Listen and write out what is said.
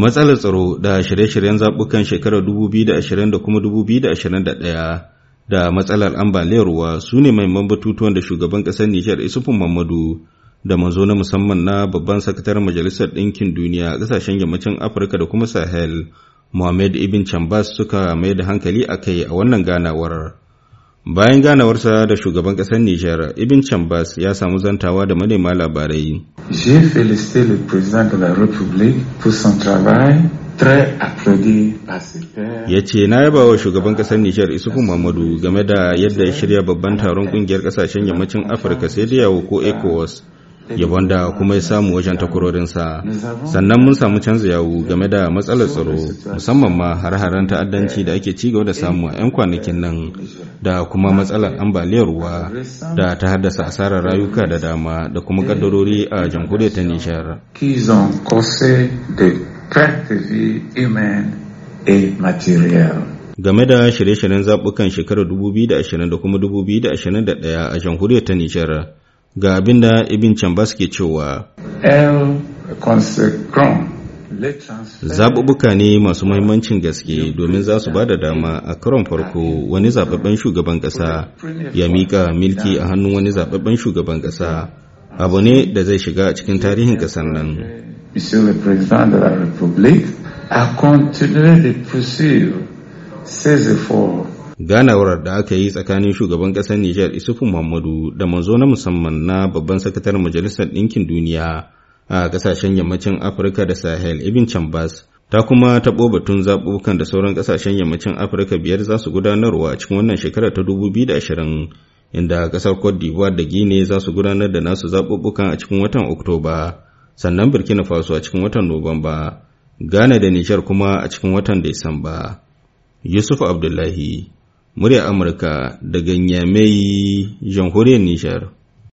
matsalar tsaro da shirye-shiryen zaɓukan shekarar 2020 da kuma 2021 da matsalar ambaliyar ruwa su ne mahimman batutuwan da shugaban ƙasar Nijar Isufin Mamadu da manzo na musamman na babban sakataren Majalisar Ɗinkin Duniya a ƙasashen yammacin Afirka da kuma Sahel Mohamed Ibn Chambas suka mai da hankali a kai a wannan ganawar. bayan ganawarsa da shugaban ƙasar Nijar Ibn Chambas ya samu zantawa da manema labarai. Je félicité le président de la République pour son travail ya ce na yaba wa shugaban ƙasar nijar isufu mamadu game da yadda ya shirya babban taron ƙungiyar ƙasashen yammacin afirka sai da yawo ko ecowas yabon da kuma ya samu wajen takwarorinsa sannan mun samu canza yawu game da matsalar tsaro musamman ma har-haren ta'addanci da ake cigaba da samu a 'yan kwanakin nan da kuma matsalar ambaliyar ruwa da ta haddasa asarar rayuka da dama da kuma kaddarori a jamhuriyar ta nishar game da shirye-shiryen zaɓukan shekarar 2020 da kuma 2021 a jamhuriyar ta Nijar ga abin da can ba suke cewa zaɓuɓɓuka ne masu mahimmancin gaske domin za su ba da dama a karon farko wani zaɓaɓɓen shugaban ƙasa ya miƙa milki a hannun wani zaɓaɓɓen shugaban ƙasa abu ne da zai shiga a cikin tarihin ƙasar nan Monsieur le Président de la ganawar da aka yi tsakanin shugaban ƙasar Nijar Isufu Muhammadu da manzo na musamman na babban sakataren Majalisar Ɗinkin Duniya a ƙasashen yammacin Afirka da Sahel Ibn Chambas ta kuma taɓo batun zaɓuɓɓukan da sauran ƙasashen yammacin Afirka biyar za su gudanarwa a cikin wannan shekarar ta 2020 inda ƙasar Cote d'Ivoire da Guinea za su gudanar da nasu zaɓuɓɓukan a cikin watan Oktoba sannan Burkina Faso a cikin watan Nuwamba Ghana da Nijar kuma a cikin watan Disamba. Yusuf Abdullahi murya Amurka daga ganyamai jamhuriyar Nijar.